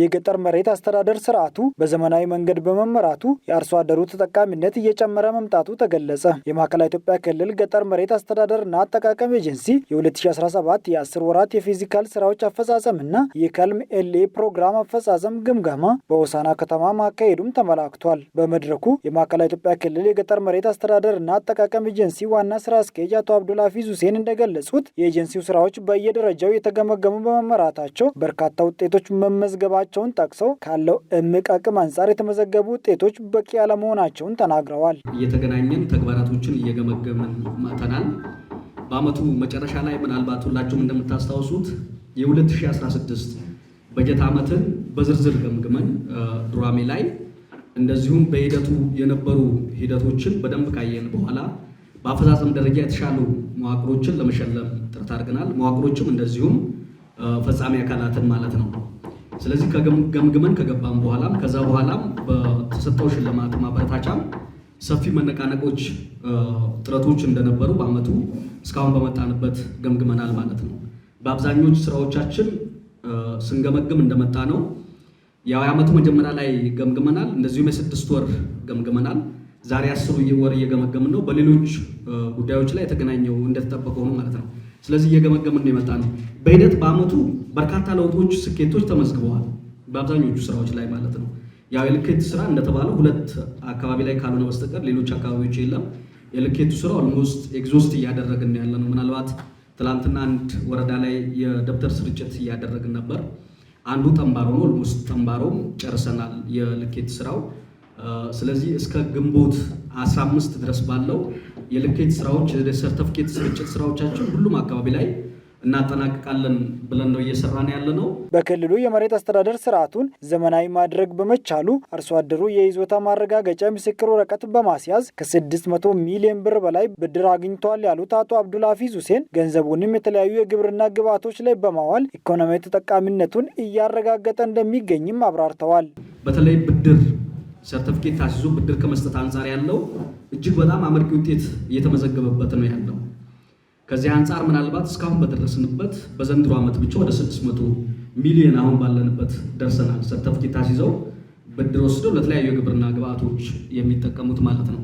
የገጠር መሬት አስተዳደር ስርዓቱ በዘመናዊ መንገድ በመመራቱ የአርሶ አደሩ ተጠቃሚነት እየጨመረ መምጣቱ ተገለጸ። የማዕከላዊ ኢትዮጵያ ክልል ገጠር መሬት አስተዳደርና አጠቃቀም ኤጀንሲ የ2017 የአስር ወራት የፊዚካል ስራዎች አፈጻጸምና የከልም ኤልኤ ፕሮግራም አፈጻጸም ግምገማ በሆሳና ከተማ ማካሄዱም ተመላክቷል። በመድረኩ የማዕከላዊ ኢትዮጵያ ክልል የገጠር መሬት አስተዳደርና አጠቃቀም ኤጀንሲ ዋና ስራ አስኪያጅ አቶ አብዱልሀፊዝ ሁሴን እንደገለጹት የኤጀንሲው ስራዎች በየደረጃው የተገመገሙ በመመራታቸው በርካታ ውጤቶች መመዝገባ መሆናቸውን ጠቅሰው ካለው እምቅ አቅም አንጻር የተመዘገቡ ውጤቶች በቂ ያለመሆናቸውን ተናግረዋል። እየተገናኘን ተግባራቶችን እየገመገመን መተናል። በአመቱ መጨረሻ ላይ ምናልባት ሁላችሁም እንደምታስታውሱት የ2016 በጀት ዓመትን በዝርዝር ገምግመን ዱራሜ ላይ እንደዚሁም በሂደቱ የነበሩ ሂደቶችን በደንብ ካየን በኋላ በአፈጻጸም ደረጃ የተሻሉ መዋቅሮችን ለመሸለም ጥረት አድርገናል። መዋቅሮችም እንደዚሁም ፈጻሚ አካላትን ማለት ነው። ስለዚህ ከገምግመን ከገባም በኋላም ከዛ በኋላም በተሰጠው ሽልማት ማበረታቻም ሰፊ መነቃነቆች፣ ጥረቶች እንደነበሩ በአመቱ እስካሁን በመጣንበት ገምግመናል ማለት ነው። በአብዛኞቹ ስራዎቻችን ስንገመግም እንደመጣ ነው። ያው የአመቱ መጀመሪያ ላይ ገምግመናል። እንደዚሁም የስድስት ወር ገምግመናል። ዛሬ አስሩ ወር እየገመገምን ነው። በሌሎች ጉዳዮች ላይ የተገናኘው እንደተጠበቀ ሆኖ ማለት ነው። ስለዚህ እየገመገምን ነው የመጣ ነው። በሂደት በአመቱ በርካታ ለውጦች፣ ስኬቶች ተመዝግበዋል በአብዛኞቹ ስራዎች ላይ ማለት ነው። ያው የልኬቱ ስራ እንደተባለው ሁለት አካባቢ ላይ ካልሆነ በስተቀር ሌሎች አካባቢዎች የለም። የልኬቱ ስራ ኦልሞስት ኤግዞስት እያደረግን ያለ ነው። ምናልባት ትላንትና አንድ ወረዳ ላይ የደብተር ስርጭት እያደረግን ነበር። አንዱ ጠንባሮ ነው። ኦልሞስት ጠንባሮም ጨርሰናል የልኬት ስራው ስለዚህ እስከ ግንቦት 15 ድረስ ባለው የልኬት ስራዎች የሰርተፍኬት ስርጭት ስራዎቻችን ሁሉም አካባቢ ላይ እናጠናቅቃለን ብለን ነው እየሰራን ያለ ነው። በክልሉ የመሬት አስተዳደር ስርዓቱን ዘመናዊ ማድረግ በመቻሉ አርሶ አደሩ የይዞታ ማረጋገጫ ምስክር ወረቀት በማስያዝ ከ600 ሚሊዮን ብር በላይ ብድር አግኝቷል ያሉት አቶ አብዱልሀፊዝ ሁሴን ገንዘቡንም የተለያዩ የግብርና ግብዓቶች ላይ በማዋል ኢኮኖሚያዊ ተጠቃሚነቱን እያረጋገጠ እንደሚገኝም አብራርተዋል። በተለይ ብድር ሰርተፍኬት ታስይዞ ብድር ከመስጠት አንጻር ያለው እጅግ በጣም አመርቂ ውጤት እየተመዘገበበት ነው ያለው። ከዚህ አንጻር ምናልባት እስካሁን በደረስንበት በዘንድሮ ዓመት ብቻ ወደ 600 ሚሊዮን አሁን ባለንበት ደርሰናል። ሰርተፍኬት ታስይዘው ብድር ወስደው ለተለያዩ የግብርና ግብአቶች የሚጠቀሙት ማለት ነው።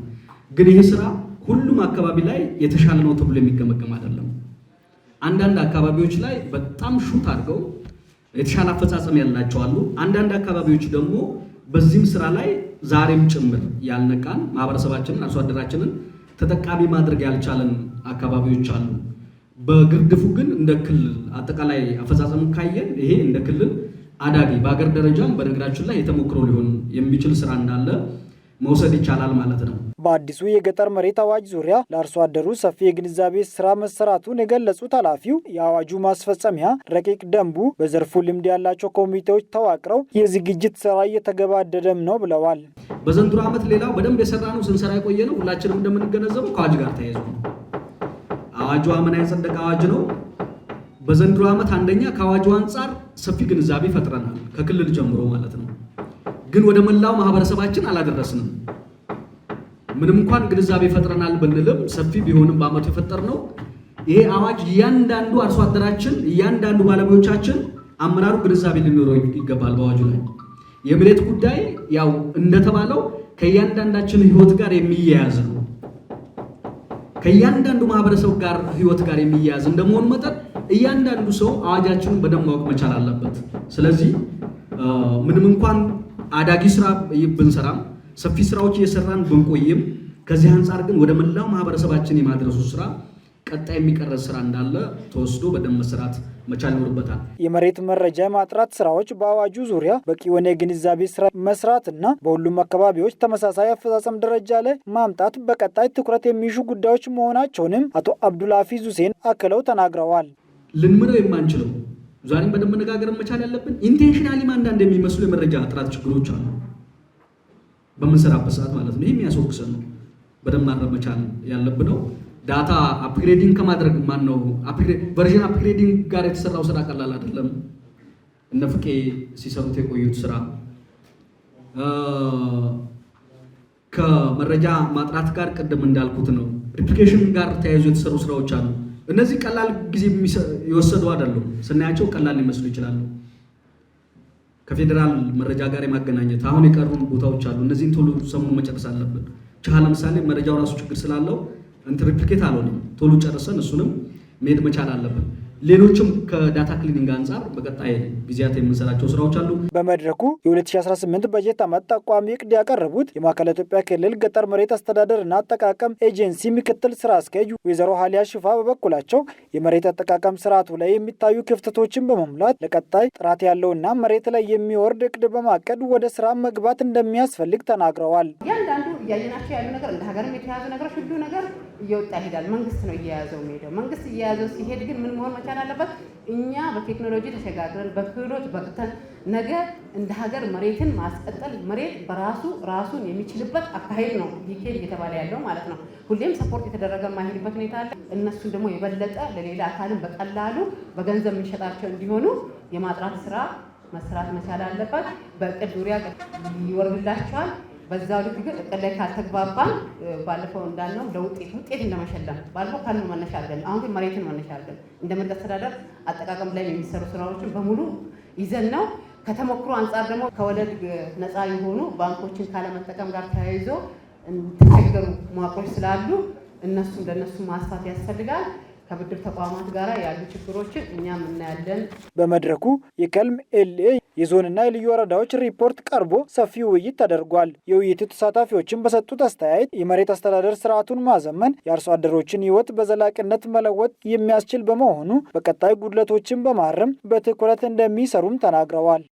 ግን ይህ ስራ ሁሉም አካባቢ ላይ የተሻለ ነው ተብሎ የሚገመገም አይደለም። አንዳንድ አካባቢዎች ላይ በጣም ሹት አድርገው የተሻለ አፈጻጸም ያላቸው አሉ። አንዳንድ አካባቢዎች ደግሞ በዚህም ስራ ላይ ዛሬም ጭምር ያልነቃን ማህበረሰባችንን አርሶ አደራችንን ተጠቃሚ ማድረግ ያልቻለን አካባቢዎች አሉ። በግርድፉ ግን እንደ ክልል አጠቃላይ አፈጻጸሙ ካየን ይሄ እንደ ክልል አዳጊ በሀገር ደረጃም በነገራችን ላይ የተሞክሮ ሊሆን የሚችል ስራ እንዳለ መውሰድ ይቻላል ማለት ነው። በአዲሱ የገጠር መሬት አዋጅ ዙሪያ ለአርሶ አደሩ ሰፊ የግንዛቤ ስራ መሰራቱን የገለጹት ኃላፊው የአዋጁ ማስፈጸሚያ ረቂቅ ደንቡ በዘርፉ ልምድ ያላቸው ኮሚቴዎች ተዋቅረው የዝግጅት ስራ እየተገባደደም ነው ብለዋል። በዘንድሮ ዓመት ሌላው በደንብ የሰራ ነው ስንሰራ የቆየ ነው። ሁላችንም እንደምንገነዘበው ከአዋጅ ጋር ተያይዞ ነው። አዋጁ አምና የጸደቀ አዋጅ ነው። በዘንድሮ ዓመት አንደኛ ከአዋጁ አንጻር ሰፊ ግንዛቤ ፈጥረናል፣ ከክልል ጀምሮ ማለት ነው። ግን ወደ መላው ማህበረሰባችን አላደረስንም። ምንም እንኳን ግንዛቤ ፈጥረናል ብንልም ሰፊ ቢሆንም በአመቱ የፈጠርነው ይሄ አዋጅ እያንዳንዱ አርሶ አደራችን፣ እያንዳንዱ ባለሙያዎቻችን፣ አመራሩ ግንዛቤ ሊኖረው ይገባል። በአዋጁ ላይ የመሬት ጉዳይ ያው እንደተባለው ከእያንዳንዳችን ህይወት ጋር የሚያያዝ ነው። ከእያንዳንዱ ማህበረሰብ ጋር ህይወት ጋር የሚያያዝ እንደመሆኑ መጠን እያንዳንዱ ሰው አዋጃችንን በደንብ ማወቅ መቻል አለበት። ስለዚህ ምንም እንኳን አዳጊ ስራ ብንሰራም ሰፊ ስራዎች እየሰራን ብንቆይም ከዚህ አንጻር ግን ወደ መላው ማህበረሰባችን የማድረሱ ስራ ቀጣይ የሚቀረጽ ስራ እንዳለ ተወስዶ በደንብ መሰራት መቻል ይኖርበታል። የመሬት መረጃ የማጥራት ስራዎች በአዋጁ ዙሪያ በቂ የሆነ የግንዛቤ ስራ እና በሁሉም አካባቢዎች ተመሳሳይ አፈጻጸም ደረጃ ላይ ማምጣት በቀጣይ ትኩረት የሚሹ ጉዳዮች መሆናቸውንም አቶ አብዱልሀፊዝ ሁሴን አክለው ተናግረዋል። ልንምረው የማንችለው ዛሬም በደንብ መነጋገር መቻል ያለብን ኢንቴንሽናሊም አንዳንድ የሚመስሉ የመረጃ ጥራት ችግሮች አሉ በምንሰራበት ሰዓት ማለት ነው። ይህ የሚያስወቅሰን ነው። በደንብ ማድረግ መቻል ያለብነው ዳታ አፕግሬዲንግ ከማድረግ ማን ነው ቨርዥን አፕግሬዲንግ ጋር የተሰራው ስራ ቀላል አይደለም። እነ ፍቄ ሲሰሩት የቆዩት ስራ ከመረጃ ማጥራት ጋር ቅድም እንዳልኩት ነው። ሪፕሊኬሽን ጋር ተያይዞ የተሰሩ ስራዎች አሉ። እነዚህ ቀላል ጊዜ የወሰዱ አይደሉም። ስናያቸው ቀላል ሊመስሉ ይችላሉ። ከፌዴራል መረጃ ጋር የማገናኘት አሁን የቀሩን ቦታዎች አሉ። እነዚህን ቶሎ ሰሞኑን መጨረስ አለብን። ቻሃ ለምሳሌ መረጃው ራሱ ችግር ስላለው እንትሪፕሊኬት አልሆንም። ቶሎ ጨርሰን እሱንም መሄድ መቻል አለብን። ሌሎችም ከዳታ ክሊኒንግ አንጻር በቀጣይ ጊዜያት የምንሰራቸው ስራዎች አሉ። በመድረኩ የ2018 በጀት ዓመት ጠቋሚ እቅድ ያቀረቡት የማዕከላዊ ኢትዮጵያ ክልል ገጠር መሬት አስተዳደር ና አጠቃቀም ኤጀንሲ ምክትል ስራ አስኪያጅ ወይዘሮ ሀሊያ ሽፋ በበኩላቸው የመሬት አጠቃቀም ስርዓቱ ላይ የሚታዩ ክፍተቶችን በመሙላት ለቀጣይ ጥራት ያለውና መሬት ላይ የሚወርድ እቅድ በማቀድ ወደ ስራ መግባት እንደሚያስፈልግ ተናግረዋል። እያንዳንዱ እያየናቸው ያሉ ነገር እንደ ሀገርም የተያዙ ነገሮች ሁሉ ነገር እየወጣ ይሄዳል። መንግስት ነው እየያዘው ሄደው መንግስት እየያዘው ሲሄድ ግን ምን መሆን መቻል አለበት። እኛ በቴክኖሎጂ ተሸጋግረን በክህሎት በቅተን ነገ እንደ ሀገር መሬትን ማስቀጠል መሬት በራሱ ራሱን የሚችልበት አካሄድ ነው ዲኬድ እየተባለ ያለው ማለት ነው። ሁሌም ሰፖርት የተደረገ የማይሄድበት ሁኔታ አለ። እነሱን ደግሞ የበለጠ ለሌላ አካልን በቀላሉ በገንዘብ የሚሸጣቸው እንዲሆኑ የማጥራት ስራ መስራት መቻል አለበት በእቅድ ዙሪያ ይወርድላቸዋል። በዛው ልክ ግን እቅድ ላይ ካልተግባባን ባለፈው እንዳልነው ለውጤት ውጤት እንደመሸለም ባለፈው ካልን መነሻ አድርገን አሁን ግን መሬትን መነሻ አድርገን እንደ ምርት አስተዳደር አጠቃቀም ላይ የሚሰሩ ስራዎችን በሙሉ ይዘን ነው። ከተሞክሮ አንጻር ደግሞ ከወለድ ነፃ የሆኑ ባንኮችን ካለመጠቀም ጋር ተያይዞ ተቸገሩ መዋቅሮች ስላሉ እነሱ ለእነሱ ማስፋት ያስፈልጋል። ከብድር ተቋማት ጋር ያሉ ችግሮችን እኛም እናያለን። በመድረኩ የቀልም ኤልኤ የዞንና የልዩ ወረዳዎች ሪፖርት ቀርቦ ሰፊ ውይይት ተደርጓል። የውይይቱ ተሳታፊዎችን በሰጡት አስተያየት የመሬት አስተዳደር ስርዓቱን ማዘመን የአርሶ አደሮችን ሕይወት በዘላቂነት መለወጥ የሚያስችል በመሆኑ በቀጣይ ጉድለቶችን በማረም በትኩረት እንደሚሰሩም ተናግረዋል።